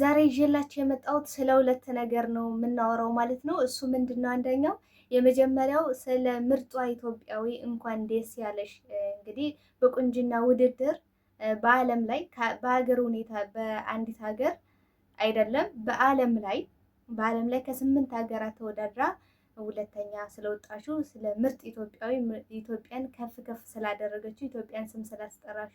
ዛሬ ይዤላችሁ የመጣሁት ስለ ሁለት ነገር ነው የምናወራው ማለት ነው። እሱ ምንድን ነው? አንደኛው የመጀመሪያው ስለ ምርጧ ኢትዮጵያዊ እንኳን ደስ ያለሽ። እንግዲህ በቁንጅና ውድድር በዓለም ላይ በሀገር ሁኔታ በአንዲት ሀገር አይደለም በዓለም ላይ በዓለም ላይ ከስምንት ሀገራት ተወዳድራ ሁለተኛ ስለወጣሹ ስለ ምርጥ ኢትዮጵያዊ ኢትዮጵያን ከፍ ከፍ ስላደረገችው ኢትዮጵያን ስም ስላስጠራሹ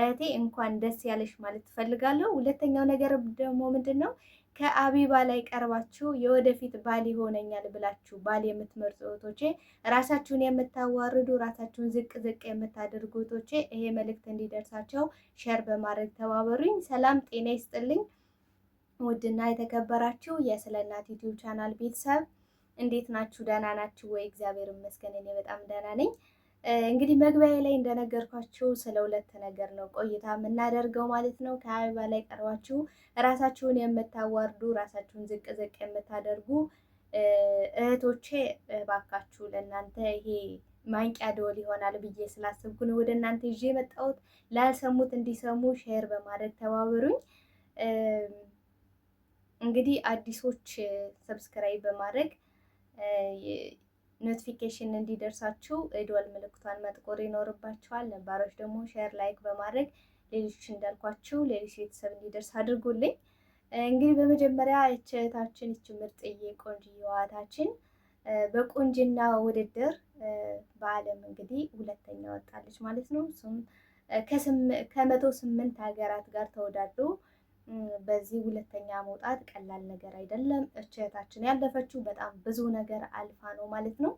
እህቴ እንኳን ደስ ያለሽ ማለት ትፈልጋለሁ። ሁለተኛው ነገር ደግሞ ምንድን ነው ከአቢባ ላይ ቀርባችሁ የወደፊት ባል ይሆነኛል ብላችሁ ባል የምትመርጡ እህቶቼ፣ ራሳችሁን የምታዋርዱ ራሳችሁን ዝቅ ዝቅ የምታደርጉ እህቶቼ ይሄ መልእክት እንዲደርሳቸው ሸር በማድረግ ተባበሩኝ። ሰላም ጤና ይስጥልኝ። ውድና የተከበራችሁ የስለ እናት ዩቲዩብ ቻናል ቤተሰብ እንዴት ናችሁ? ደህና ናችሁ ወይ? እግዚአብሔር ይመስገን እኔ በጣም ደህና ነኝ። እንግዲህ መግቢያ ላይ እንደነገርኳችሁ ስለ ሁለት ነገር ነው ቆይታ የምናደርገው ማለት ነው። ከአበባ ላይ ቀርባችሁ ራሳችሁን የምታዋርዱ ራሳችሁን ዝቅ ዝቅ የምታደርጉ እህቶቼ እባካችሁ ለእናንተ ይሄ ማንቂያ ደወል ይሆናል ብዬ ስላሰብኩ ነው ወደ እናንተ ይዤ የመጣሁት። ላልሰሙት እንዲሰሙ ሼር በማድረግ ተባበሩኝ። እንግዲህ አዲሶች ሰብስክራይብ በማድረግ ኖቲፊኬሽን እንዲደርሳችሁ የደወል ምልክቷን መጥቆር ይኖርባችኋል። ነባሮች ደግሞ ሼር ላይክ በማድረግ ሌሎች እንዳልኳችሁ ሌሎች ቤተሰብ እንዲደርስ አድርጉልኝ። እንግዲህ በመጀመሪያ እህታችን ይች ምርጥዬ ቆንጅዬዋ እህታችን በቁንጅና ውድድር በዓለም እንግዲህ ሁለተኛ ወጣለች ማለት ነው። እሱም ከመቶ ስምንት ሀገራት ጋር ተወዳድሮ በዚህ ሁለተኛ መውጣት ቀላል ነገር አይደለም። እህታችን ያለፈችው በጣም ብዙ ነገር አልፋ ነው ማለት ነው።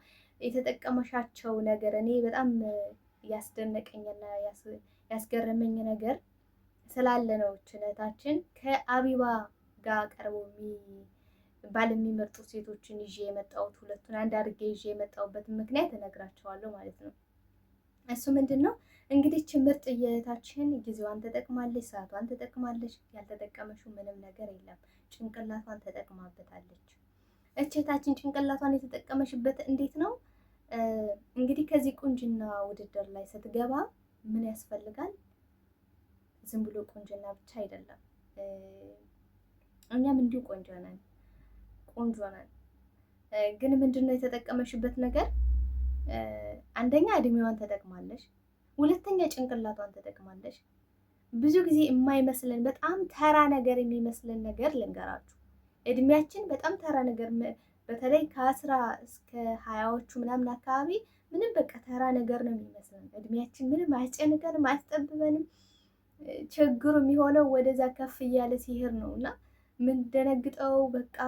የተጠቀመሻቸው ነገር እኔ በጣም ያስደነቀኝና ያስገረመኝ ነገር ስላለ ነው። እህታችን ከአቢባ ጋር ቀርቦ ባል የሚመርጡ ሴቶችን ይዤ የመጣሁት ሁለቱን አንድ አድርጌ ይዤ የመጣሁበትን ምክንያት እነግራቸዋለሁ ማለት ነው። እሱ ምንድን ነው እንግዲህ ምርጥ እህታችን ጊዜዋን ተጠቅማለች፣ ሰዓቷን ተጠቅማለች። ያልተጠቀመችው ምንም ነገር የለም። ጭንቅላቷን ተጠቅማበታለች። የታችን ጭንቅላቷን የተጠቀመችበት እንዴት ነው? እንግዲህ ከዚህ ቁንጅና ውድድር ላይ ስትገባ ምን ያስፈልጋል? ዝም ብሎ ቁንጅና ብቻ አይደለም። እኛም እንዲሁ ቆንጆ ነን ቆንጆ ነን። ግን ምንድን ነው የተጠቀመችበት ነገር? አንደኛ እድሜዋን ተጠቅማለች። ሁለተኛ ጭንቅላቷን ተጠቅማለች። ብዙ ጊዜ የማይመስለን በጣም ተራ ነገር የሚመስለን ነገር ልንገራችሁ። እድሜያችን በጣም ተራ ነገር በተለይ ከአስራ እስከ ሀያዎቹ ምናምን አካባቢ ምንም በቃ ተራ ነገር ነው የሚመስለን። እድሜያችን ምንም አያስጨንቀንም፣ አያስጠብበንም። ችግሩ የሚሆነው ወደዛ ከፍ እያለ ሲሄድ ነው እና ምን ደነግጠው በቃ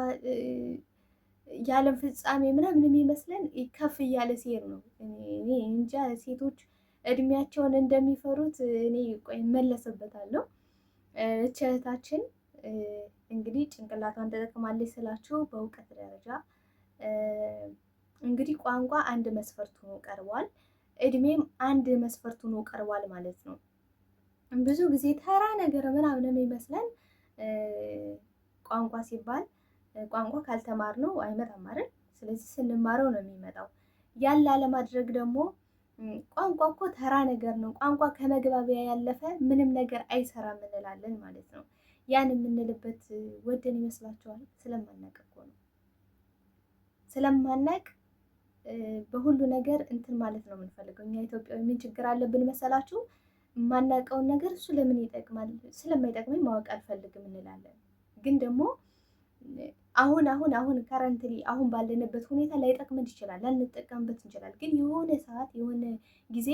የዓለም ፍጻሜ ምናምን የሚመስለን ከፍ እያለ ሲሄድ ነው። እኔ እንጃ ሴቶች እድሜያቸውን እንደሚፈሩት እኔ ቆይ እመለስበታለሁ። እህታችን እንግዲህ ጭንቅላቷን ተጠቅማለች ስላችሁ በእውቀት ደረጃ እንግዲህ ቋንቋ አንድ መስፈርት ሆኖ ቀርቧል። እድሜም አንድ መስፈርት ሆኖ ቀርቧል ማለት ነው። ብዙ ጊዜ ተራ ነገር ምናምን ይመስላል ቋንቋ ሲባል ቋንቋ ካልተማር ነው አይመጣም አይደል? ስለዚህ ስንማረው ነው የሚመጣው። ያን ላለማድረግ ደግሞ ቋንቋ እኮ ተራ ነገር ነው። ቋንቋ ከመግባቢያ ያለፈ ምንም ነገር አይሰራም እንላለን ማለት ነው። ያን የምንልበት ወደን ይመስላችኋል? ስለማናቅ እኮ ነው። ስለማናቅ በሁሉ ነገር እንትን ማለት ነው የምንፈልገው እኛ ኢትዮጵያዊ። ምን ችግር አለብን መሰላችሁ? የማናቀውን ነገር እሱ ለምን ይጠቅማል ስለማይጠቅመኝ ማወቅ አልፈልግም እንላለን። ግን ደግሞ አሁን አሁን አሁን ከረንትሊ አሁን ባለንበት ሁኔታ ላይጠቅመን ይችላል፣ ላንጠቀምበት እንችላል። ግን የሆነ ሰዓት የሆነ ጊዜ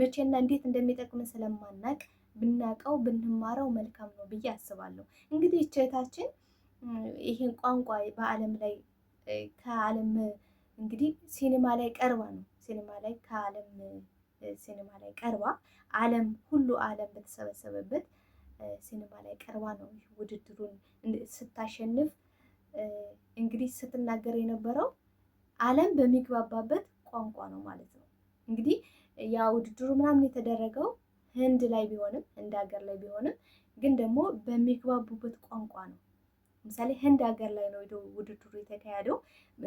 መቼና እንዴት እንደሚጠቅመን ስለማናቅ ብናቀው ብንማረው መልካም ነው ብዬ አስባለሁ። እንግዲህ እህታችን ይሄን ቋንቋ በዓለም ላይ ከዓለም እንግዲህ ሲኒማ ላይ ቀርባ ነው ሲኒማ ላይ ከዓለም ሲኒማ ላይ ቀርባ ዓለም ሁሉ ዓለም በተሰበሰበበት ሲኒማ ላይ ቀርባ ነው ውድድሩን ስታሸንፍ እንግዲህ ስትናገር የነበረው ዓለም በሚግባባበት ቋንቋ ነው ማለት ነው። እንግዲህ ያ ውድድሩ ምናምን የተደረገው ህንድ ላይ ቢሆንም ህንድ ሀገር ላይ ቢሆንም ግን ደግሞ በሚግባቡበት ቋንቋ ነው። ለምሳሌ ህንድ ሀገር ላይ ነው ውድድሩ የተካሄደው።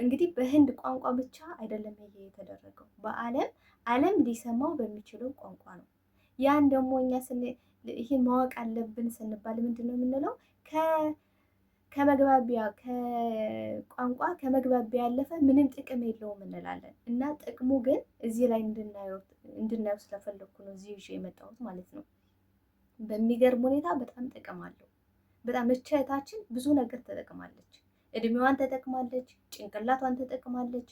እንግዲህ በህንድ ቋንቋ ብቻ አይደለም ይሄ የተደረገው፣ በዓለም ዓለም ሊሰማው በሚችለው ቋንቋ ነው። ያን ደግሞ እኛ ይሄ ማወቅ አለብን ስንባል ምንድን ነው የምንለው ከ ከመግባቢያ ከቋንቋ ከመግባቢያ ያለፈ ምንም ጥቅም የለውም እንላለን እና ጥቅሙ ግን እዚህ ላይ እንድናየው ስለፈለግኩ ነው እዚህ ይዤ የመጣሁት ማለት ነው። በሚገርም ሁኔታ በጣም ጥቅም አለው። በጣም እቻታችን ብዙ ነገር ተጠቅማለች። እድሜዋን ተጠቅማለች፣ ጭንቅላቷን ተጠቅማለች፣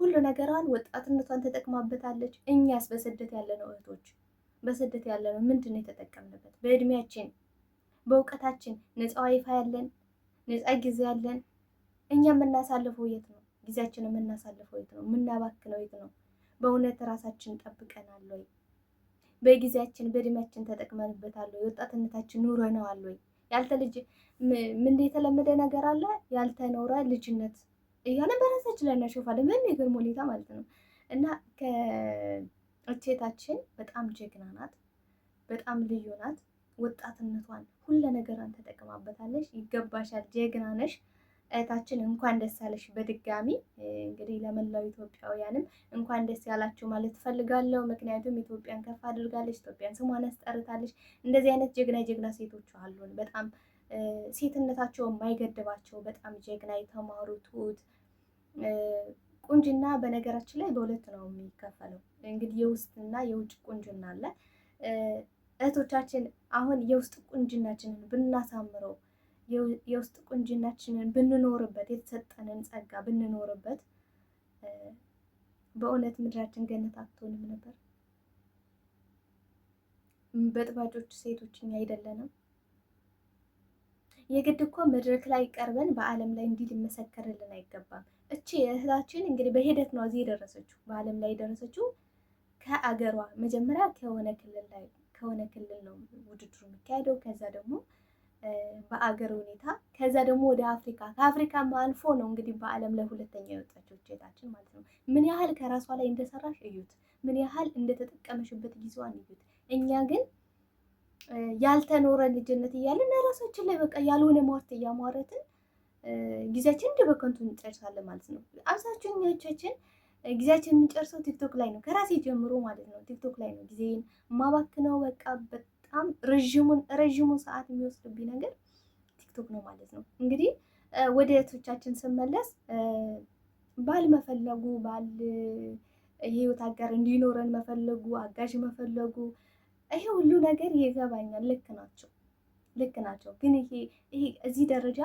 ሁሉ ነገሯን ወጣትነቷን ተጠቅማበታለች። እኛስ በስደት ያለነው እህቶች በስደት ያለነው ምንድን ነው የተጠቀምንበት? በእድሜያችን በእውቀታችን ነፃ ዋይፋ ያለን ነፃ ጊዜ ያለን እኛ የምናሳልፈው የት ነው? ጊዜያችን የምናሳልፈው የት ነው? የምናባክነው የት ነው? በእውነት ራሳችን ጠብቀናል ወይ? በጊዜያችን በእድሜያችን ተጠቅመንበታል ወይ? ወጣትነታችን ኑረነዋል ወይ? ልጅ ምን የተለመደ ነገር አለ ያልተኖረ ልጅነት እያለ በራሳችን ላይ እናሾፋለን። ምን የሚገርም ሁኔታ ማለት ነው። እና ከእቼታችን በጣም ጀግና ናት፣ በጣም ልዩ ናት። ወጣትነቷን ሁለ ነገሯን ተጠቅማበታለች። ይገባሻል፣ ጀግና ነሽ እህታችን፣ እንኳን ደስ ያለሽ። በድጋሚ እንግዲህ ለመላው ኢትዮጵያውያንም እንኳን ደስ ያላችሁ ማለት ትፈልጋለሁ። ምክንያቱም ኢትዮጵያን ከፍ አድርጋለች፣ ኢትዮጵያን ስሟን አስጠርታለች። እንደዚህ አይነት ጀግና ጀግና ሴቶች አሉን። በጣም ሴትነታቸው የማይገድባቸው በጣም ጀግና የተማሩ ትሁት ቁንጅና በነገራችን ላይ በሁለት ነው የሚከፈለው። እንግዲህ የውስጥና የውጭ ቁንጅና አለ። እህቶቻችን አሁን የውስጥ ቁንጅናችንን ብናሳምረው የውስጥ ቁንጅናችንን ብንኖርበት የተሰጠንን ጸጋ ብንኖርበት በእውነት ምድራችን ገነት አትሆንም ነበር። በጥባጮች ሴቶች እኛ አይደለንም። የግድ እኮ መድረክ ላይ ቀርበን በዓለም ላይ እንዲህ ሊመሰከርልን አይገባም። እቺ እህታችን እንግዲህ በሂደት ነው እዚህ የደረሰችው፣ በዓለም ላይ የደረሰችው ከአገሯ መጀመሪያ ከሆነ ክልል ላይ ከሆነ ክልል ነው ውድድሩ የሚካሄደው። ከዛ ደግሞ በአገር ሁኔታ ከዛ ደግሞ ወደ አፍሪካ ከአፍሪካም አልፎ ነው እንግዲህ በዓለም ላይ ሁለተኛ የወጣችው እህታችን ማለት ነው። ምን ያህል ከራሷ ላይ እንደሰራሽ እዩት፣ ምን ያህል እንደተጠቀመሽበት ጊዜዋን እዩት። እኛ ግን ያልተኖረ ልጅነት እያለን ራሳችን ላይ በቃ ያልሆነ ሟርት እያሟረትን ጊዜያችን እንደ በከንቱ እንጨርሳለን ማለት ነው አብዛኞቻችን ጊዜያችን የምንጨርሰው ቲክቶክ ላይ ነው። ከራሴ ጀምሮ ማለት ነው ቲክቶክ ላይ ነው ጊዜን ማባክነው። በቃ በጣም ረዥሙን ረዥሙን ሰዓት የሚወስድብኝ ነገር ቲክቶክ ነው ማለት ነው። እንግዲህ ወደ እህቶቻችን ስመለስ ባል መፈለጉ ባል የህይወት አጋር እንዲኖረን መፈለጉ አጋዥ መፈለጉ ይሄ ሁሉ ነገር ይገባኛል። ልክ ናቸው፣ ልክ ናቸው። ግን ይሄ እዚህ ደረጃ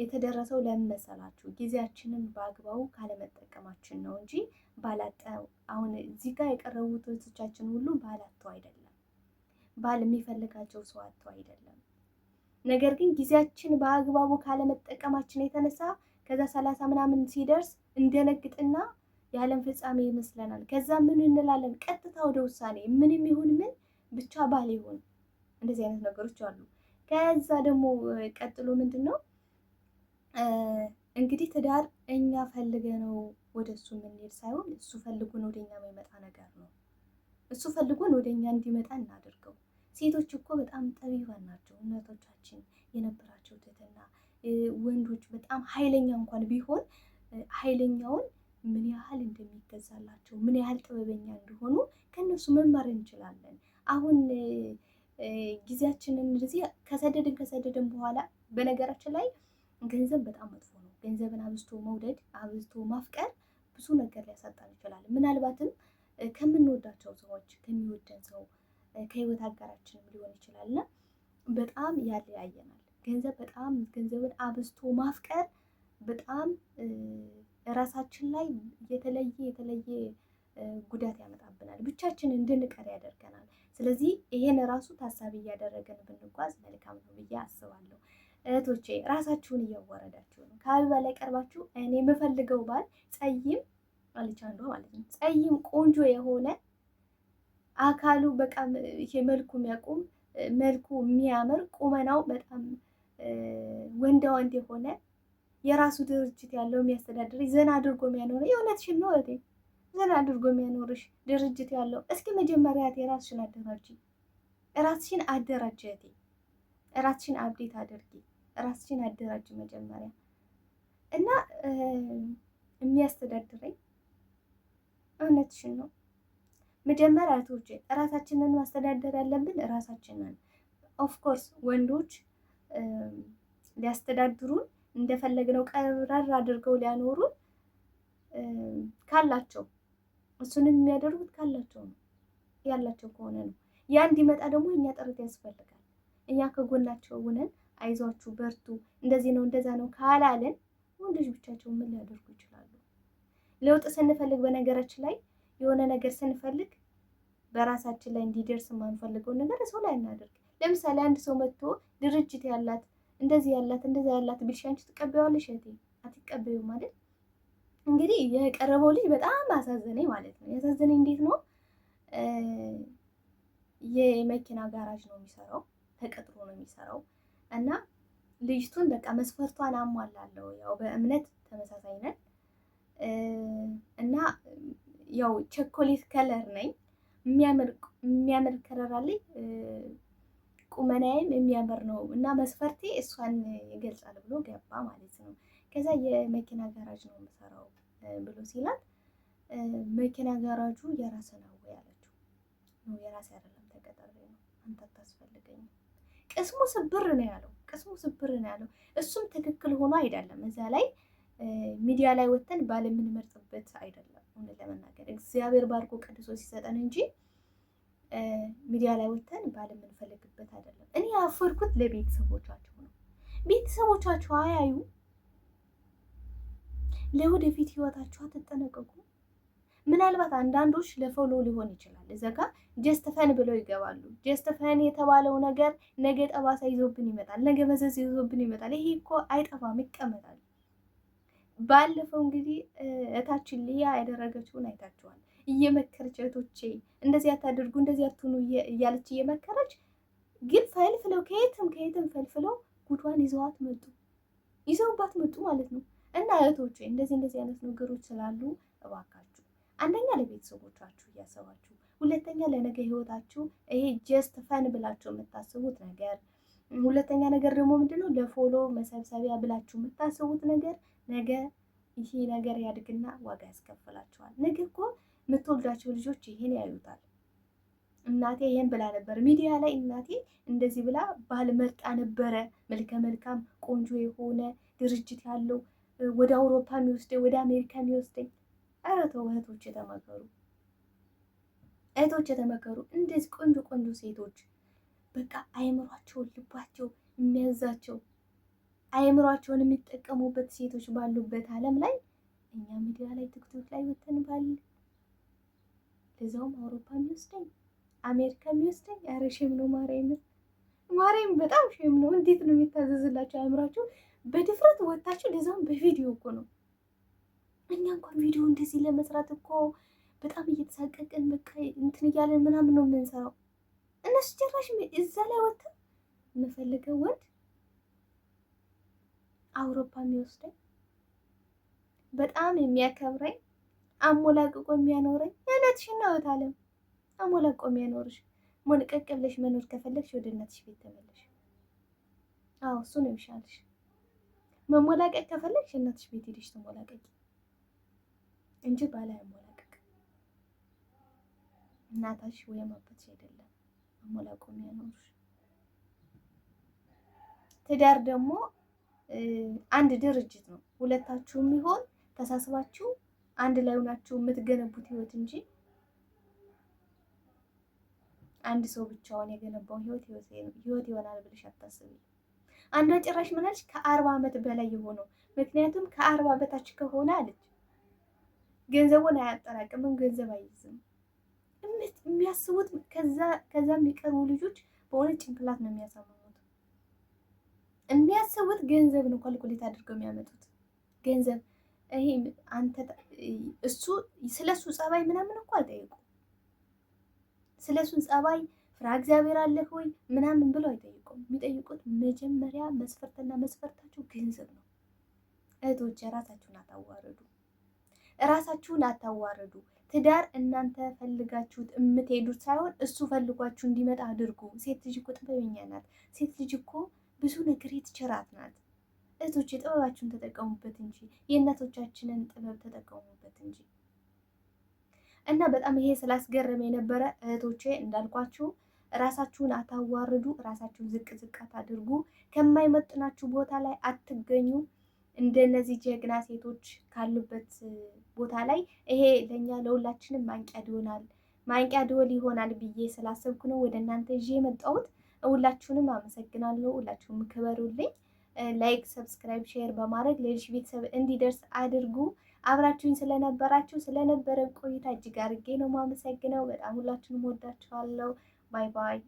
የተደረሰው ለምን መሰላችሁ? ጊዜያችንን በአግባቡ ካለመጠቀማችን ነው እንጂ ባላጠው አሁን እዚህ ጋር የቀረቡት እህቶቻችን ሁሉ ባላተው አይደለም፣ ባል የሚፈልጋቸው ሰው አይደለም። ነገር ግን ጊዜያችን በአግባቡ ካለመጠቀማችን የተነሳ ከዛ ሰላሳ ምናምን ሲደርስ እንደነግጥና የዓለም ፍጻሜ ይመስለናል። ከዛ ምን እንላለን? ቀጥታ ወደ ውሳኔ ምንም ይሁን ምን ብቻ ባል ይሁን እንደዚህ አይነት ነገሮች አሉ። ከዛ ደግሞ ቀጥሎ ምንድን ነው እንግዲህ ትዳር እኛ ፈልገ ነው ወደ እሱ የምንሄድ ሳይሆን እሱ ፈልጎን ወደ እኛ የሚመጣ ነገር ነው። እሱ ፈልጎን ወደ እኛ እንዲመጣ እናድርገው። ሴቶች እኮ በጣም ጠቢባን ናቸው። እናቶቻችን የነበራቸው ትህትና፣ ወንዶች በጣም ኃይለኛ እንኳን ቢሆን ኃይለኛውን ምን ያህል እንደሚገዛላቸው ምን ያህል ጥበበኛ እንደሆኑ ከእነሱ መማር እንችላለን። አሁን ጊዜያችንን ጊዜ ከሰደድን ከሰደድን በኋላ በነገራችን ላይ ገንዘብ በጣም መጥፎ ነው። ገንዘብን አብዝቶ መውደድ አብዝቶ ማፍቀር ብዙ ነገር ሊያሳጣን ይችላል። ምናልባትም ከምንወዳቸው ሰዎች ከሚወደን ሰው ከህይወት አጋራችንም ሊሆን ይችላል እና በጣም ያለያየናል። ገንዘብ በጣም ገንዘብን አብዝቶ ማፍቀር በጣም ራሳችን ላይ የተለየ የተለየ ጉዳት ያመጣብናል። ብቻችንን እንድንቀር ያደርገናል። ስለዚህ ይሄን ራሱ ታሳቢ እያደረገን ብንጓዝ መልካም ነው ብዬ አስባለሁ። እህቶቼ ራሳችሁን እያወረዳችሁ ነው። ከሀቢባ ላይ ቀርባችሁ እኔ የምፈልገው ባል ጸይም አልቻሉ ማለት ነው። ጸይም ቆንጆ የሆነ አካሉ በጣም ይሄ መልኩ የሚያቁም መልኩ የሚያምር ቁመናው በጣም ወንዳ ወንድ የሆነ የራሱ ድርጅት ያለው የሚያስተዳድር ዘና አድርጎ የሚያኖረ የእውነትሽን ነው እህቴ፣ ዘና አድርጎ የሚያኖርሽ ድርጅት ያለው እስኪ መጀመሪያ የራስሽን አደራጅ፣ ራስሽን አደራጅ እህቴ፣ ራስሽን አብዴት አድርጌ ራስሽን አደራጅ መጀመሪያ እና የሚያስተዳድረኝ እውነትሽን ነው። መጀመሪያ እህቶቼ እራሳችንን ማስተዳደር ያለብን እራሳችንን። ኦፍኮርስ ወንዶች ሊያስተዳድሩን እንደፈለግነው ቀረር አድርገው ሊያኖሩን ካላቸው እሱንም የሚያደርጉት ካላቸው ነው ያላቸው ከሆነ ነው። ያ እንዲመጣ ደግሞ እኛ ጥረት ያስፈልጋል። እኛ ከጎናቸው ውነን አይዟችሁ በርቱ፣ እንደዚህ ነው እንደዛ ነው ካላለን ወንዶች ብቻቸውን ምን ሊያደርጉ ይችላሉ? ለውጥ ስንፈልግ በነገራችን ላይ የሆነ ነገር ስንፈልግ በራሳችን ላይ እንዲደርስ የማንፈልገውን ነገር ሰው ላይ እናደርግ። ለምሳሌ አንድ ሰው መጥቶ ድርጅት ያላት እንደዚህ ያላት እንደዚህ ያላት ብልሽ አንቺ ትቀበይዋለሽ? እህቴ አትቀበይውም አይደል? እንግዲህ የቀረበው ልጅ በጣም አሳዘነኝ ማለት ነው። ያሳዘነኝ እንዴት ነው? የመኪና ጋራጅ ነው የሚሰራው፣ ተቀጥሮ ነው የሚሰራው እና ልጅቱን በቃ መስፈርቷን አሟላለሁ። ያው በእምነት ተመሳሳይ ነን እና ያው ቸኮሌት ከለር ነኝ። የሚያምር ከለር አለኝ። ቁመናዬም የሚያምር ነው እና መስፈርቴ እሷን ይገልጻል ብሎ ገባ ማለት ነው። ከዛ የመኪና ጋራጅ ነው የምሰራው ብሎ ሲላት መኪና ጋራጁ የራስህ ነው ያለችው። የራሴ አይደለም ተቀጠሬ ነው አንተ አታስፈልገኝም ቅስሙ ስብር ነው ያለው። ቅስሙ ስብር ነው ያለው። እሱም ትክክል ሆኖ አይደለም። እዛ ላይ ሚዲያ ላይ ወተን ባል የምንመርጥበት አይደለም። እውነት ለመናገር እግዚአብሔር ባርኮ ቀድሶ ሲሰጠን እንጂ ሚዲያ ላይ ወተን ባል የምንፈልግበት አይደለም። እኔ ያፈርኩት ለቤተሰቦቻችሁ ነው። ቤተሰቦቻችሁ አያዩ፣ ለወደፊት ህይወታችሁ አትጠነቀቁ። ምናልባት አንዳንዶች ለፎሎ ሊሆን ይችላል። እዛ ጋር ጀስት ፈን ብለው ይገባሉ። ጀስት ፈን የተባለው ነገር ነገ ጠባሳ ይዞብን ይመጣል፣ ነገ መዘዝ ይዞብን ይመጣል። ይሄ እኮ አይጠፋም፣ ይቀመጣል። ባለፈው እንግዲህ እታችን ልያ ያደረገችውን አይታችኋል። እየመከረች እህቶቼ እንደዚህ አታደርጉ፣ እንደዚህ አትሆኑ እያለች እየመከረች ግን ፈልፍለው ከየትም ከየትም ፈልፍለው ጉዷን ይዘዋት መጡ፣ ይዘውባት መጡ ማለት ነው። እና እህቶቼ እንደዚህ እንደዚህ አይነት ነገሮች ስላሉ እባካችሁ አንደኛ ለቤተሰቦቻችሁ እያሰባችሁ፣ ሁለተኛ ለነገ ህይወታችሁ ይሄ ጀስት ፈን ብላችሁ የምታስቡት ነገር፣ ሁለተኛ ነገር ደግሞ ምንድነው ለፎሎ መሰብሰቢያ ብላችሁ የምታስቡት ነገር ነገ ይሄ ነገር ያድግና ዋጋ ያስከፍላችኋል። ነገ እኮ የምትወልዳቸው ልጆች ይሄን ያዩታል። እናቴ ይሄን ብላ ነበር ሚዲያ ላይ እናቴ እንደዚህ ብላ ባል መርጣ ነበረ፣ መልከ መልካም ቆንጆ የሆነ ድርጅት ያለው ወደ አውሮፓ የሚወስደኝ ወደ አሜሪካ የሚወስደኝ ኧረ ተው እህቶች የተመከሩ እህቶች የተመከሩ እንደዚህ ቆንጆ ቆንጆ ሴቶች በቃ አይምሯቸው ልባቸው የሚያዛቸው አይምሯቸውን የሚጠቀሙበት ሴቶች ባሉበት ዓለም ላይ እኛ ሚዲያ ላይ ቲክቶክ ላይ ወተን ባል ለዛውም አውሮፓ የሚወስደኝ አሜሪካ የሚወስደኝ ኧረ ሼም ነው ማርያም ማርያም በጣም ሼም ነው። እንዴት ነው የሚታዘዝላቸው አይምሯቸው በድፍረት ወታቸው ለዛውም በቪዲዮ እኮ ነው እኛ እንኳን ቪዲዮ እንደዚህ ለመስራት እኮ በጣም እየተሳቀቅን በቃ እንትን እያለን ምናምን ነው የምንሰራው። እነሱ ጭራሽ እዛ ላይ ወጥተን የምፈልገው ወንድ አውሮፓ የሚወስደኝ በጣም የሚያከብረኝ አሞላቅቆ የሚያኖረኝ እውነትሽ እናወት አለም አሞላቅቆ የሚያኖርሽ ሞልቀቅ ብለሽ መኖር ከፈለግሽ ወደ እናትሽ ቤት ተመለሽ። አዎ እሱ ነው የሚሻልሽ። መሞላቀቅ ከፈለግሽ እናትሽ ቤት ሄደሽ ተሞላቀቂ። እንጂ ባል አያሞላቅቅ። እናታሽ ወይም አባትሽ አይደለም አሞላቆሚያ ነው። ትዳር ደግሞ አንድ ድርጅት ነው። ሁለታችሁም ይሆን ተሳስባችሁ አንድ ላይ ሆናችሁ የምትገነቡት ህይወት እንጂ አንድ ሰው ብቻውን የገነባው ህይወት ህይወት ይሆናል ብለሽ አታስቢ። አንዷ ጭራሽ ምናልሽ ከአርባ ዓመት በላይ የሆነው ምክንያቱም ከአርባ በታች ከሆነ አለች ገንዘቡን አያጠራቅምም፣ ገንዘብ አይይዝም። የሚያስቡት ከዛ የሚቀርቡ ልጆች በእውነት ጭንቅላት ነው የሚያሳምሙት። የሚያስቡት ገንዘብ ነው፣ ኳልኩሌት አድርገው የሚያመጡት ገንዘብ። ይሄ አንተ እሱ ስለ እሱ ጸባይ ምናምን እኮ አይጠይቁም። ስለ እሱን ጸባይ ፍራ እግዚአብሔር አለህ ወይ ምናምን ብለው አይጠይቁም። የሚጠይቁት መጀመሪያ መስፈርትና መስፈርታቸው ገንዘብ ነው። እህቶች የራሳቸውን አታዋረዱ። እራሳችሁን አታዋርዱ። ትዳር እናንተ ፈልጋችሁት የምትሄዱት ሳይሆን እሱ ፈልጓችሁ እንዲመጣ አድርጉ። ሴት ልጅ እኮ ጥበበኛ ናት። ሴት ልጅ እኮ ብዙ ነገር የትችራት ናት። እህቶች ጥበባችሁን ተጠቀሙበት እንጂ የእናቶቻችንን ጥበብ ተጠቀሙበት እንጂ እና በጣም ይሄ ስላስገረመ የነበረ እህቶቼ እንዳልኳችሁ ራሳችሁን አታዋርዱ። ራሳችሁን ዝቅ ዝቅ አታድርጉ። ከማይመጥናችሁ ቦታ ላይ አትገኙ። እንደነዚህ ጀግና ሴቶች ካሉበት ቦታ ላይ ይሄ ለእኛ ለሁላችንም ማንቂያ ደወል ማንቂያ ደወል ይሆናል ብዬ ስላሰብኩ ነው ወደ እናንተ ይዤ የመጣሁት። ሁላችሁንም አመሰግናለሁ። ሁላችሁም ክበሩልኝ። ላይክ፣ ሰብስክራይብ፣ ሼር በማድረግ ለልጅ ቤተሰብ እንዲደርስ አድርጉ። አብራችሁኝ ስለነበራችሁ ስለነበረ ቆይታ እጅግ አድርጌ ነው ማመሰግነው። በጣም ሁላችሁንም ወዳችኋለሁ። ባይ ባይ።